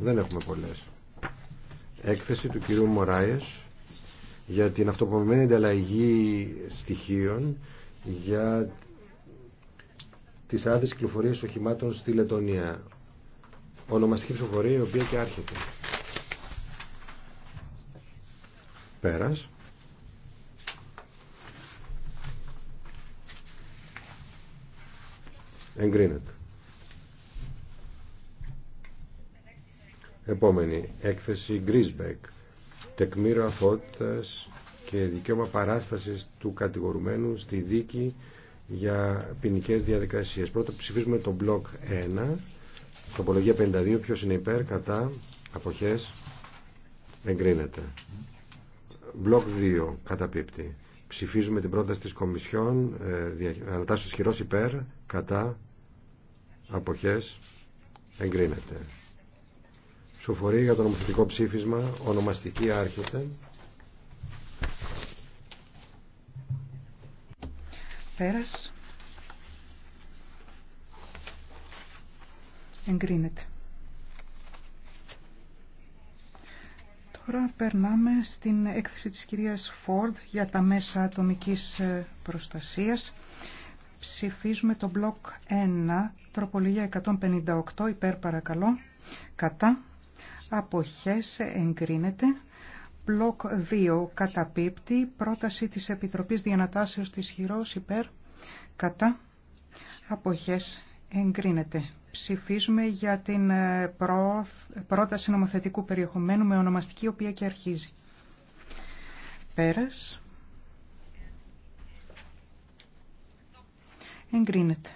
Δεν έχουμε πολλές. Έκθεση του κυρίου Μωράιες για την αυτοπομημένη ανταλλαγή στοιχείων για τις άδειες κυκλοφορίες οχημάτων στη Λετωνία. Ονομαστική ψηφοφορία η οποία και άρχεται. Πέρας. Εγκρίνεται. Επόμενη, έκθεση Γκρίσμπεκ, τεκμήρο αθότητας και δικαίωμα παράστασης του κατηγορουμένου στη δίκη για ποινικέ διαδικασίες. Πρώτα ψηφίζουμε το μπλοκ 1, τοπολογία 52, ποιος είναι υπέρ, κατά, αποχές, εγκρίνεται. Μπλοκ 2, καταπίπτει. Ψηφίζουμε την πρόταση της Κομισιόν, ε, ανατάσσεως χειρός υπέρ, κατά, αποχές, εγκρίνεται. Ψηφοφορία για το νομοθετικό ψήφισμα, ονομαστική άρχεται. Πέρας. Εγκρίνεται. Τώρα περνάμε στην έκθεση της κυρίας Φόρντ για τα μέσα ατομικής ε, προστασίας. Ψηφίζουμε το μπλοκ 1, τροπολογία 158, υπέρ παρακαλώ, κατά αποχές εγκρίνεται. Πλοκ 2 καταπίπτει πρόταση της Επιτροπής Διανατάσεως της Χειρός υπέρ κατά αποχές εγκρίνεται. Ψηφίζουμε για την ε, πρόταση νομοθετικού περιεχομένου με ονομαστική οποία και αρχίζει. Πέρας. Εγκρίνεται.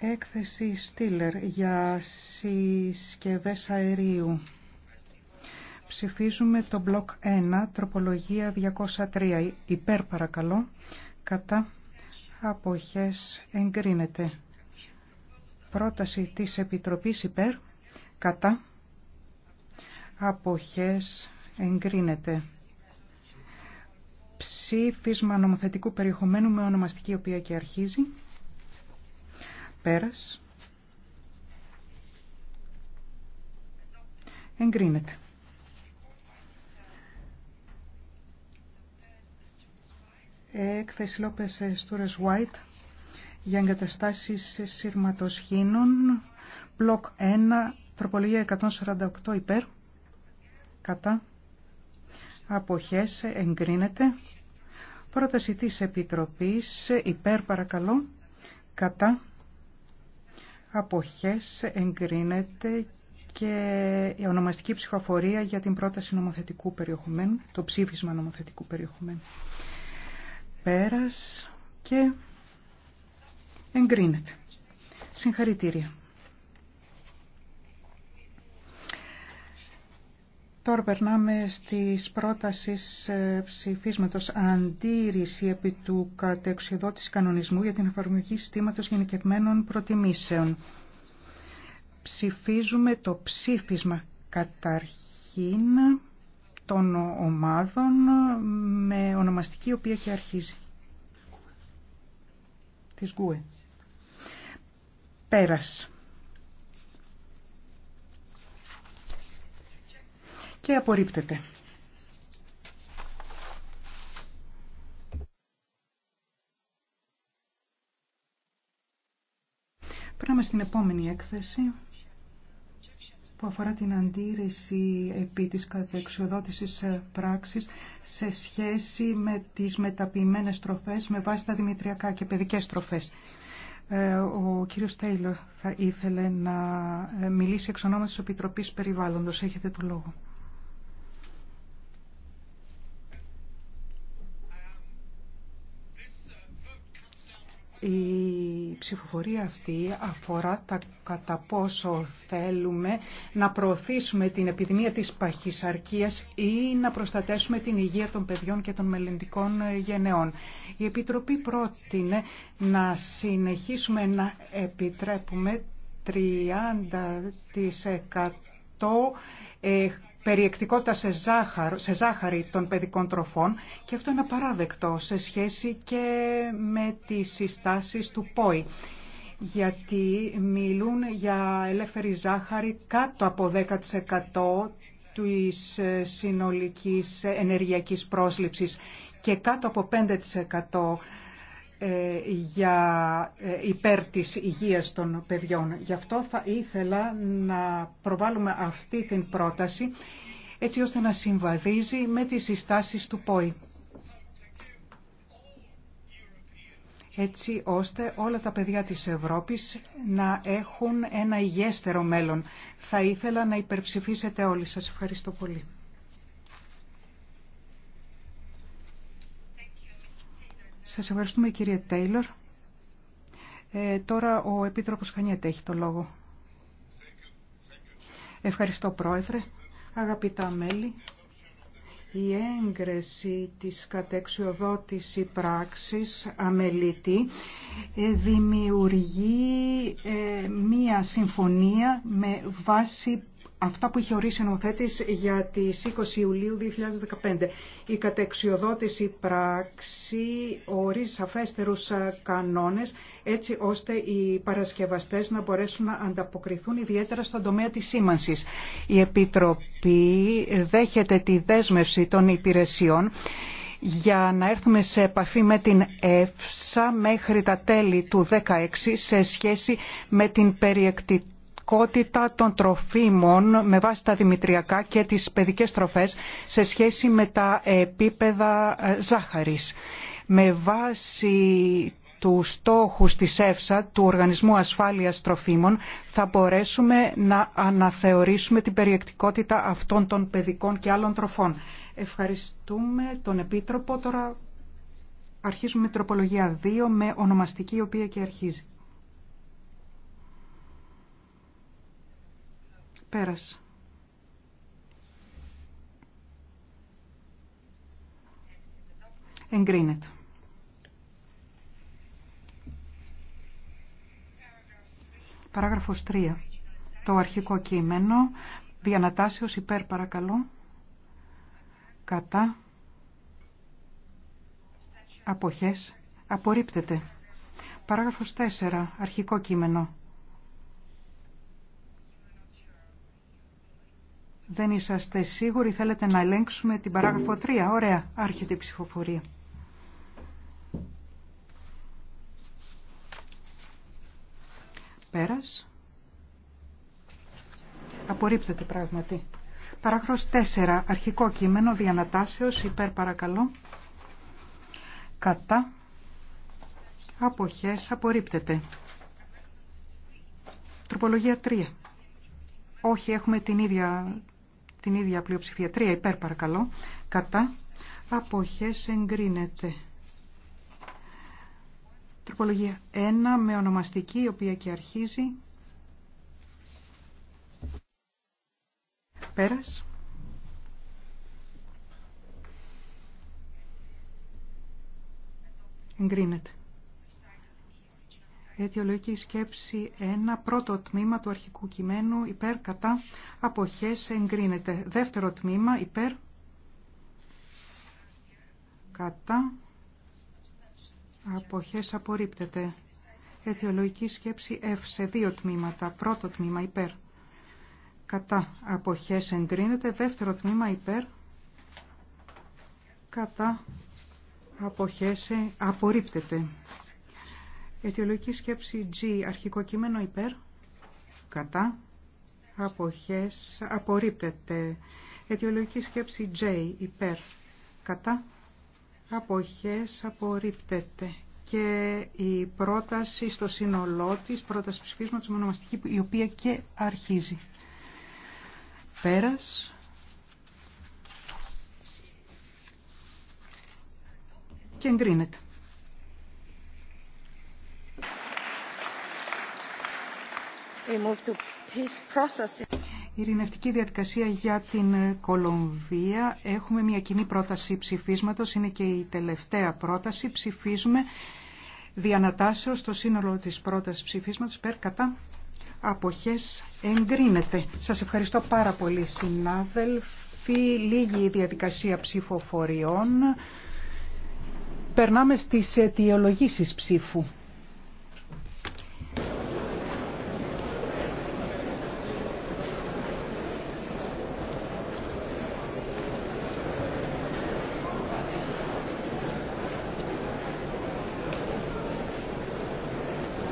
Έκθεση Στήλερ για συσκευές αερίου. Ψηφίζουμε το μπλοκ 1, τροπολογία 203. Υπέρ παρακαλώ. Κατά αποχές εγκρίνεται. Πρόταση της Επιτροπής υπέρ. Κατά αποχές εγκρίνεται. Ψήφισμα νομοθετικού περιεχομένου με ονομαστική οποία και αρχίζει. Πέρας. Εγκρίνεται. Έκθεση Λόπες Στούρες Βάιτ για εγκαταστάσεις σύρματοσχήνων. Μπλοκ 1, τροπολογία 148 υπέρ. Κατά. Αποχές εγκρίνεται. Πρόταση της Επιτροπής υπέρ παρακαλώ. Κατά αποχές εγκρίνεται και η ονομαστική ψηφοφορία για την πρόταση νομοθετικού περιεχομένου, το ψήφισμα νομοθετικού περιεχομένου. Πέρας και εγκρίνεται. Συγχαρητήρια. Τώρα περνάμε στις πρότασεις ε, ψηφίσματος αντίρρηση επί του κατεξοδότης κανονισμού για την εφαρμογή συστήματος γενικευμένων προτιμήσεων. Ψηφίζουμε το ψήφισμα καταρχήν των ομάδων με ονομαστική οποία και αρχίζει. Της Γκουε. Πέρας. και απορρίπτεται. Πράγμα στην επόμενη έκθεση που αφορά την αντίρρηση επί της καθεξοδότησης πράξης σε σχέση με τις μεταποιημένες τροφές με βάση τα δημητριακά και παιδικές τροφές. Ε, ο κύριος Τέιλορ θα ήθελε να μιλήσει εξ ονόματος της Επιτροπής Περιβάλλοντος. Έχετε το λόγο. Η ψηφοφορία αυτή αφορά τα κατά πόσο θέλουμε να προωθήσουμε την επιδημία της παχυσαρκίας ή να προστατέσουμε την υγεία των παιδιών και των μελλοντικών γενεών. Η Επιτροπή πρότεινε να συνεχίσουμε να επιτρέπουμε 30% περιεκτικότητα σε, σε ζάχαρη των παιδικών τροφών και αυτό είναι απαράδεκτο σε σχέση και με τις συστάσεις του ΠΟΗ γιατί μιλούν για ελεύθερη ζάχαρη κάτω από 10% της ε, συνολικής ενεργειακής πρόσληψης και κάτω από 5% ε, για ε, υπέρ της υγείας των παιδιών. Γι' αυτό θα ήθελα να προβάλλουμε αυτή την πρόταση έτσι ώστε να συμβαδίζει με τις συστάσεις του ΠΟΗ. έτσι ώστε όλα τα παιδιά της Ευρώπης να έχουν ένα υγιέστερο μέλλον. Θα ήθελα να υπερψηφίσετε όλοι. Σας ευχαριστώ πολύ. Σας ευχαριστούμε κύριε Τέιλορ. Ε, τώρα ο Επίτροπος Χανιέται έχει το λόγο. Ευχαριστώ Πρόεδρε. Αγαπητά μέλη, η έγκρεση της κατεξιοδότηση πράξης αμελήτη ε, δημιουργεί ε, μία συμφωνία με βάση αυτά που είχε ορίσει ο νομοθέτης για τις 20 Ιουλίου 2015. Η κατεξιοδότηση πράξη ορίζει σαφέστερους ε, κανόνες έτσι ώστε οι παρασκευαστές να μπορέσουν να ανταποκριθούν ιδιαίτερα στον τομέα της σήμανσης. Η Επιτροπή δέχεται τη δέσμευση των υπηρεσιών για να έρθουμε σε επαφή με την ΕΦΣΑ μέχρι τα τέλη του 2016 σε σχέση με την περιεκτητή ποσοτικότητα των τροφίμων με βάση τα δημητριακά και τις παιδικές τροφές σε σχέση με τα επίπεδα ε, ζάχαρης. Με βάση του στόχου της ΕΦΣΑ, του Οργανισμού Ασφάλειας Τροφίμων, θα μπορέσουμε να αναθεωρήσουμε την περιεκτικότητα αυτών των παιδικών και άλλων τροφών. Ευχαριστούμε τον Επίτροπο. Τώρα αρχίζουμε με τροπολογία 2 με ονομαστική η οποία και αρχίζει. Πέρασε. Εγκρίνεται. Παράγραφος 3. Το αρχικό κείμενο. Διανατάσεως υπέρ παρακαλώ. Κατά. Αποχές. Απορρίπτεται. Παράγραφος 4. Αρχικό κείμενο. Δεν είσαστε σίγουροι, θέλετε να ελέγξουμε την παράγραφο 3. Ωραία, άρχεται η ψηφοφορία. Πέρας. Απορρίπτεται πράγματι. Παράγραφος 4. Αρχικό κείμενο διανατάσεως υπέρ παρακαλώ. Κατά. Αποχές απορρίπτεται. Τροπολογία 3. Όχι, έχουμε την ίδια την ίδια πλειοψηφία. τρία υπέρ παρακαλώ. Κατά. Αποχές εγκρίνεται. Τροπολογία 1 με ονομαστική η οποία και αρχίζει. Πέρας. Εγκρίνεται. Αιτιολογική σκέψη ένα Πρώτο τμήμα του αρχικού κειμένου υπέρ κατά αποχές εγκρίνεται. Δεύτερο τμήμα υπέρ κατά αποχές απορρίπτεται. Αιτιολογική σκέψη F σε δύο τμήματα. Πρώτο τμήμα υπέρ κατά αποχές εγκρίνεται. Δεύτερο τμήμα υπέρ κατά αποχές απορρίπτεται. Αιτιολογική σκέψη G. Αρχικό κείμενο υπέρ. Κατά. Αποχές. Απορρίπτεται. Αιτιολογική σκέψη J. Υπέρ. Κατά. Αποχές. Απορρίπτεται. Και η πρόταση στο σύνολό της, πρόταση ψηφίσματος μονομαστική, η οποία και αρχίζει. Πέρας. Και εγκρίνεται. Η Ειρηνευτική διαδικασία για την Κολομβία. Έχουμε μια κοινή πρόταση ψηφίσματος, είναι και η τελευταία πρόταση. Ψηφίζουμε διανατάσεως το σύνολο της πρότασης ψηφίσματος περ κατά αποχές εγκρίνεται. Σας ευχαριστώ πάρα πολύ συνάδελφοι. Λίγη διαδικασία ψηφοφοριών. Περνάμε στις αιτιολογήσεις ψήφου.